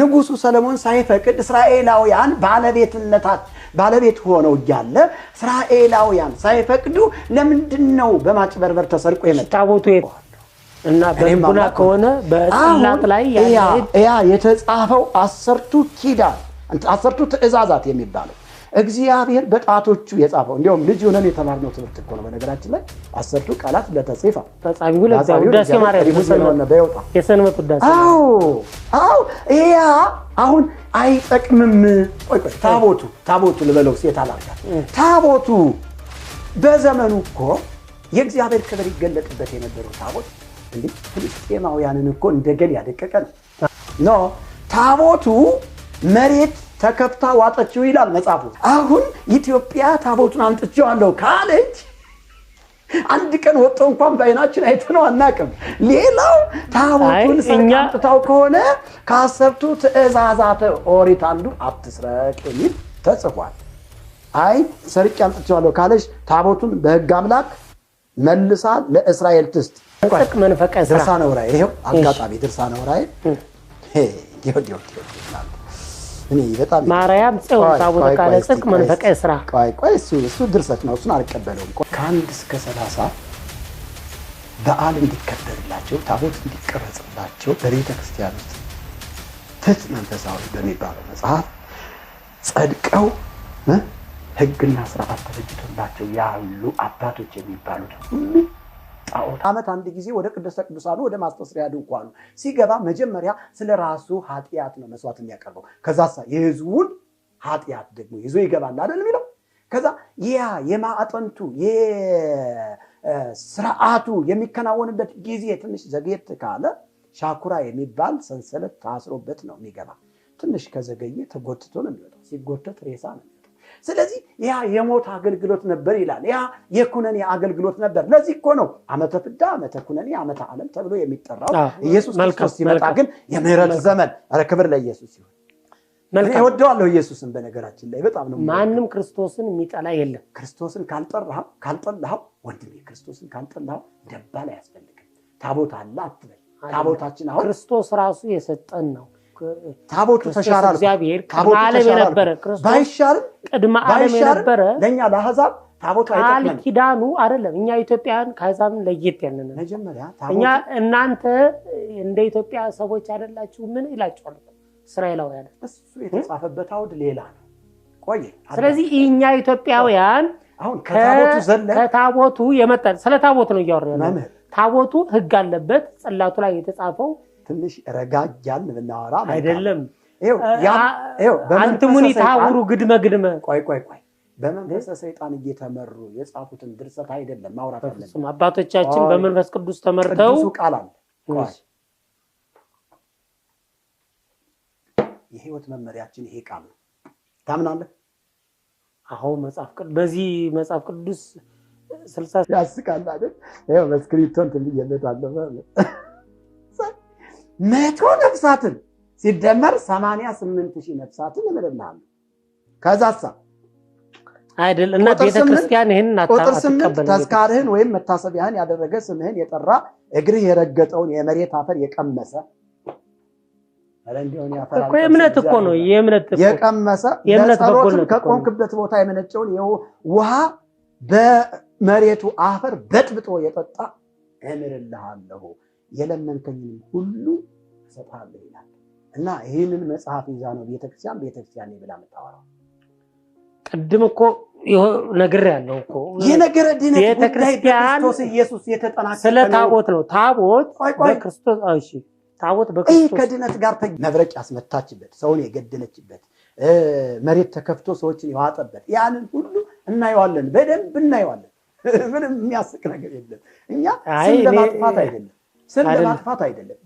ንጉሱ ሰለሞን ሳይፈቅድ እስራኤላውያን ባለቤትነታት ባለቤት ሆነው እያለ እስራኤላውያን ሳይፈቅዱ ለምንድን ነው በማጭበርበር ተሰርቆ የመጣቦቱ ታቦቱ እና ከሆነ በጽላት ላይ ያ የተጻፈው አሰርቱ ኪዳን አሰርቱ ትእዛዛት የሚባለው እግዚአብሔር በጣቶቹ የጻፈው እንዲሁም ልጅ ሆነን የተማርነው ትምህርት እኮ ነው። በነገራችን ላይ አስርቱ ቃላት ለተጽፋ የሰንበት ውዳሴ። አሁን አይጠቅምም። ታቦቱ ታቦቱ ልበለው ሴት አላርጋ ታቦቱ በዘመኑ እኮ የእግዚአብሔር ክብር ይገለጥበት የነበረው ታቦት እንዲህ ፍልስጤማውያንን እኮ እንደገን ያደቀቀ ነው። ኖ ታቦቱ መሬት ተከፍታ ዋጠችው ይላል መጽሐፉ። አሁን ኢትዮጵያ ታቦቱን አምጥቼዋለሁ ካለች አንድ ቀን ወጥቶ እንኳን በአይናችን አይተነው አናቅም። ሌላው ታቦቱን አምጥታው ከሆነ ከአሰብቱ ትእዛዛተ ኦሪት አንዱ አትስረቅ የሚል ተጽፏል። አይ ሰርቄ አምጥቼዋለሁ ካለች ታቦቱን በህግ አምላክ መልሳ ለእስራኤል ትስጥ። ጥቅ መንፈቀ ድርሳነ ወራይ ይኸው አጋጣሚ ድርሳነ ወራይ እኔ በጣም ማርያም ጽዮን ታቦተ ካለ ጽድቅ መንፈቀ ስራ። ቆይ ቆይ፣ እሱ እሱ ድርሰት ነው፣ እሱን አልቀበለውም። ከአንድ እስከ ሰላሳ በዓል እንዲከበርላቸው ታቦት እንዲቀረጽላቸው በቤተ ክርስቲያን ውስጥ ትት መንፈሳዊ በሚባለው መጽሐፍ ጸድቀው ሕግና ስርዓት ተበጅቶላቸው ያሉ አባቶች የሚባሉት ሁሉ ይጫወታል። ዓመት አንድ ጊዜ ወደ ቅድስተ ቅዱሳኑ ወደ ማስተስሪያ ድንኳኑ ሲገባ መጀመሪያ ስለ ራሱ ኃጢአት ነው መስዋዕት የሚያቀርበው። ከዛ የህዝቡን ኃጢአት ደግሞ ይዞ ይገባል አይደል የሚለው ከዛ ያ የማዕጠንቱ ስርዓቱ የሚከናወንበት ጊዜ ትንሽ ዘግየት ካለ ሻኩራ የሚባል ሰንሰለት ታስሮበት ነው የሚገባ። ትንሽ ከዘገየ ተጎትቶ ነው የሚወጣው። ሲጎተት ሬሳ ነው። ስለዚህ ያ የሞት አገልግሎት ነበር ይላል። ያ የኩነኔ አገልግሎት ነበር። ለዚህ እኮ ነው ዓመተ ፍዳ፣ ዓመተ ኩነኔ፣ ዓመተ ዓለም ተብሎ የሚጠራው። ኢየሱስ ክርስቶስ ሲመጣ ግን የምህረት ዘመን። ኧረ ክብር ለኢየሱስ ይሁን። እወደዋለሁ ኢየሱስን። በነገራችን ላይ በጣም ነው ማንም ክርስቶስን የሚጠላ የለም። ክርስቶስን ካልጠራኸው ካልጠላኸው ወንድሜ ክርስቶስን ካልጠላኸው ደባል አያስፈልግም። ታቦት አለ አትበል። ታቦታችን አሁን ክርስቶስ ራሱ የሰጠን ነው። ታቦቱ ተሻራል። እግዚአብሔር ከዓለም የነበረ ባይሻርም ቅድመ ዓለም የነበረ ለእኛ ለአሕዛብ ታቦቱ ቃል ኪዳኑ አይደለም። እኛ ኢትዮጵያውያን ከአሕዛብ ለየት ያለን መጀመሪያ እኛ እናንተ እንደ ኢትዮጵያ ሰዎች አይደላችሁ ምን ይላችኋል? እስራኤላውያን እሱ የተጻፈበት አውድ ሌላ ነው። ቆይ ስለዚህ እኛ ኢትዮጵያውያን አሁን ከታቦቱ ዘለ ከታቦቱ የመጣ ስለ ታቦት ነው እያወራ ታቦቱ ህግ አለበት ጽላቱ ላይ የተጻፈው ትንሽ ረጋጃል ብናወራ አይደለም። አንትሙኒ ታውሩ ግድመ ግድመ ቆይ ቆይ ቆይ በመንፈሰ ሰይጣን እየተመሩ የጻፉትን ድርሰት አይደለም ማውራት አለም አባቶቻችን በመንፈስ ቅዱስ ተመርተው ቃል አለ የህይወት መመሪያችን ይሄ ቃል ነው። ታምናለህ? አዎ መጽሐፍ ቅዱስ በዚህ መጽሐፍ ቅዱስ ስልሳ ያስቃል አይደል? ይኸው በስክሪፕቶን ትልየለት አለፈ መቶ ነፍሳትን ሲደመር ሰማንያ ስምንት ሺህ ነፍሳትን እምልልሃለሁ። ከዛሳ አይደል እና ቤተክርስቲያን ይህንን ቁጥር ስምንት ተዝካርህን ወይም መታሰቢያህን ያደረገ ስምህን የጠራ እግርህ የረገጠውን የመሬት አፈር የቀመሰ እምነት እኮ ነው የቀመሰ ከቆምክበት ቦታ የመነጨውን ውሃ በመሬቱ አፈር በጥብጦ የጠጣ እምልልሃለሁ። የለመንከኝንም ሁሉ እሰጥሃለሁ ይላል እና ይህንን መጽሐፍ ይዛ ነው ቤተክርስቲያን ቤተክርስቲያን ብላ የምታወራው። ቅድም እኮ ነግር ያለው እኮ የነገረ ድነት ኢየሱስ የተጠናቀቀ ስለ ታቦት ነው። ታቦት በክርስቶስ ታቦት በክርስቶስ ከድነት ጋር መብረቅ ያስመታችበት ሰውን የገደለችበት መሬት ተከፍቶ ሰዎችን የዋጠበት ያንን ሁሉ እናየዋለን፣ በደንብ እናየዋለን። ምንም የሚያስቅ ነገር የለም። እኛ ስም ለማጥፋት አይደለም ስም ለማጥፋት አይደለም።